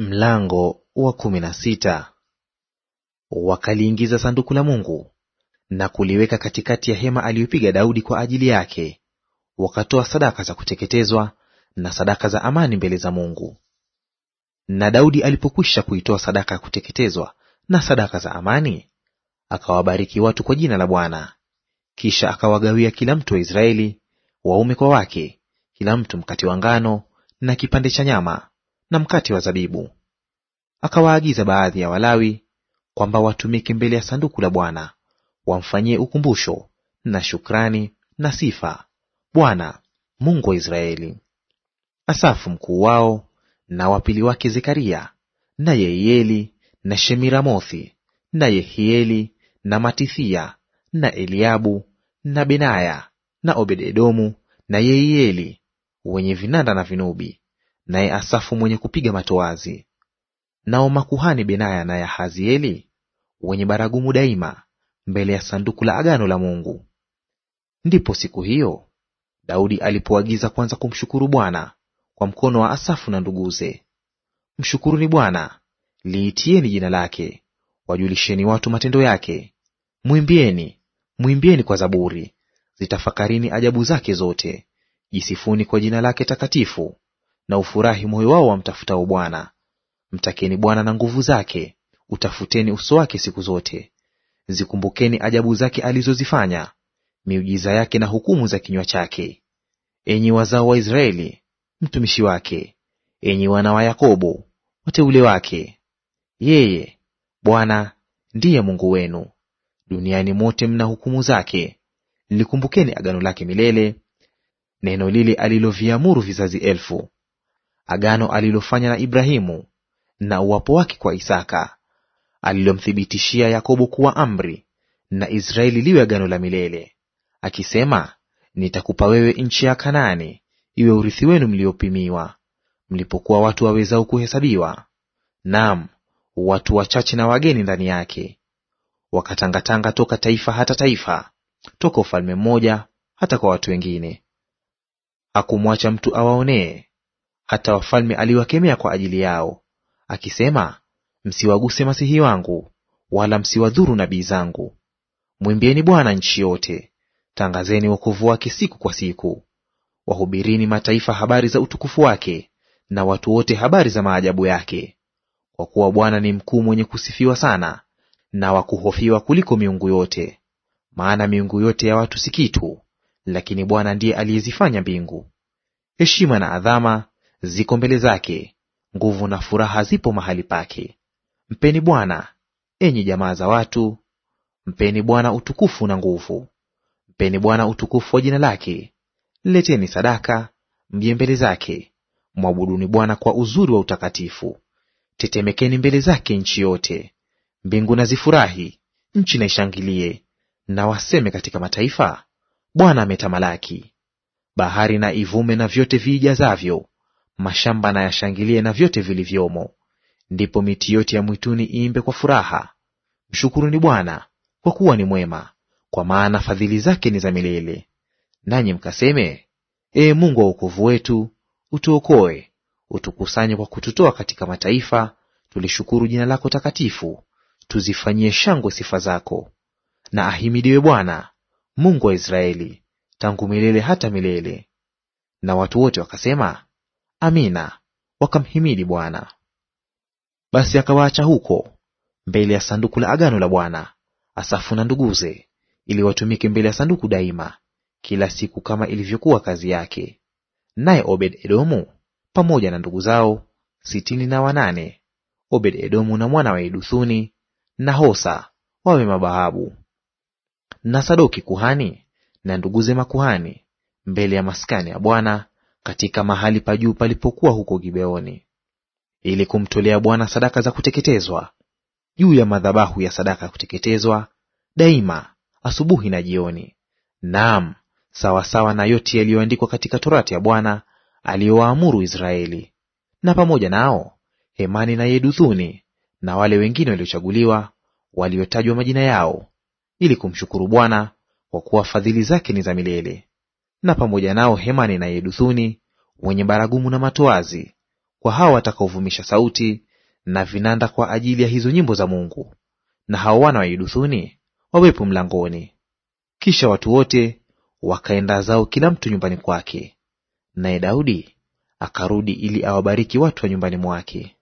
Mlango wa kumi na sita. Wakaliingiza sanduku la Mungu na kuliweka katikati ya hema aliyopiga Daudi kwa ajili yake, wakatoa sadaka za kuteketezwa na sadaka za amani mbele za Mungu. Na Daudi alipokwisha kuitoa sadaka ya kuteketezwa na sadaka za amani, akawabariki watu kwa jina la Bwana. Kisha akawagawia kila mtu wa Israeli, waume kwa wake, kila mtu mkate wa ngano na kipande cha nyama na mkate wa zabibu. Akawaagiza baadhi ya Walawi kwamba watumike mbele ya sanduku la Bwana, wamfanyie ukumbusho na shukrani na sifa Bwana Mungu wa Israeli. Asafu mkuu wao na wapili wake Zekaria na Yehieli na Shemiramothi na Yehieli na Matithia na Eliabu na Benaya na Obededomu na Yehieli wenye vinanda na vinubi naye Asafu mwenye kupiga matoazi. Nao makuhani Benaya na Yahazieli wenye baragumu daima mbele ya sanduku la agano la Mungu. Ndipo siku hiyo Daudi alipoagiza kwanza kumshukuru Bwana kwa mkono wa Asafu na nduguze. Mshukuruni Bwana, liitieni jina lake, wajulisheni watu matendo yake, mwimbieni, mwimbieni kwa zaburi, zitafakarini ajabu zake zote, jisifuni kwa jina lake takatifu na ufurahi moyo wao wamtafutao Bwana. Mtakeni Bwana na nguvu zake, utafuteni uso wake siku zote. Zikumbukeni ajabu zake alizozifanya, miujiza yake na hukumu za kinywa chake. Enyi wazao wa Israeli, mtumishi wake, enyi wana wa Yakobo, wateule wake. Yeye Bwana ndiye Mungu wenu, duniani mote mna hukumu zake. Likumbukeni agano lake milele, neno lile aliloviamuru vizazi elfu agano alilofanya na Ibrahimu na uwapo wake kwa Isaka, alilomthibitishia Yakobo kuwa amri, na Israeli liwe agano la milele, akisema, nitakupa wewe nchi ya Kanaani iwe urithi wenu mliopimiwa, mlipokuwa watu wawezao kuhesabiwa, naam, watu wachache na wageni ndani yake. Wakatangatanga toka taifa hata taifa, toka ufalme mmoja hata kwa watu wengine. Hakumwacha mtu awaonee hata wafalme aliwakemea kwa ajili yao, akisema, msiwaguse masihi wangu, wala msiwadhuru nabii zangu. Mwimbieni Bwana nchi yote, tangazeni wokovu wake siku kwa siku. Wahubirini mataifa habari za utukufu wake, na watu wote habari za maajabu yake. Kwa kuwa Bwana ni mkuu, mwenye kusifiwa sana, na wa kuhofiwa kuliko miungu yote. Maana miungu yote ya watu si kitu, lakini Bwana ndiye aliyezifanya mbingu. Heshima na adhama ziko mbele zake, nguvu na furaha zipo mahali pake. Mpeni Bwana, enyi jamaa za watu, mpeni Bwana utukufu na nguvu. Mpeni Bwana utukufu wa jina lake, leteni sadaka, mje mbele zake. Mwabuduni Bwana kwa uzuri wa utakatifu. Tetemekeni mbele zake nchi yote. Mbingu na zifurahi, nchi na ishangilie, na waseme katika mataifa, Bwana ametamalaki. Bahari na ivume na vyote viijazavyo, mashamba na yashangilie na vyote vilivyomo. Ndipo miti yote ya mwituni iimbe kwa furaha, mshukuruni Bwana, kwa kuwa ni mwema, kwa maana fadhili zake ni za milele. Nanyi mkaseme, Ee Mungu wa wokovu wetu, utuokoe, utukusanye kwa kututoa katika mataifa, tulishukuru jina lako takatifu, tuzifanyie shangwe sifa zako. Na ahimidiwe Bwana Mungu wa Israeli tangu milele hata milele. Na watu wote wakasema, Amina, wakamhimidi Bwana. Basi akawaacha huko mbele ya sanduku la agano la Bwana Asafu na nduguze, ili watumike mbele ya sanduku daima, kila siku kama ilivyokuwa kazi yake. Naye Obed Edomu pamoja na ndugu zao sitini na wanane, Obed Edomu na mwana wa Iduthuni na Hosa wawe mabahabu, na Sadoki kuhani na nduguze makuhani mbele ya maskani ya Bwana katika mahali pa juu palipokuwa huko Gibeoni, ili kumtolea Bwana sadaka za kuteketezwa juu ya madhabahu ya sadaka ya kuteketezwa daima, asubuhi na jioni, naam, sawasawa na yote yaliyoandikwa katika Torati ya Bwana aliyowaamuru Israeli. Na pamoja nao Hemani na Yeduthuni na wale wengine waliochaguliwa waliotajwa majina yao, ili kumshukuru Bwana kwa kuwa fadhili zake ni za milele na pamoja nao Hemani na Yeduthuni wenye baragumu na matoazi, kwa hao watakaovumisha sauti na vinanda kwa ajili ya hizo nyimbo za Mungu, na hao wana wa Yeduthuni wawepo mlangoni. Kisha watu wote wakaenda zao kila mtu nyumbani kwake, naye Daudi akarudi ili awabariki watu wa nyumbani mwake.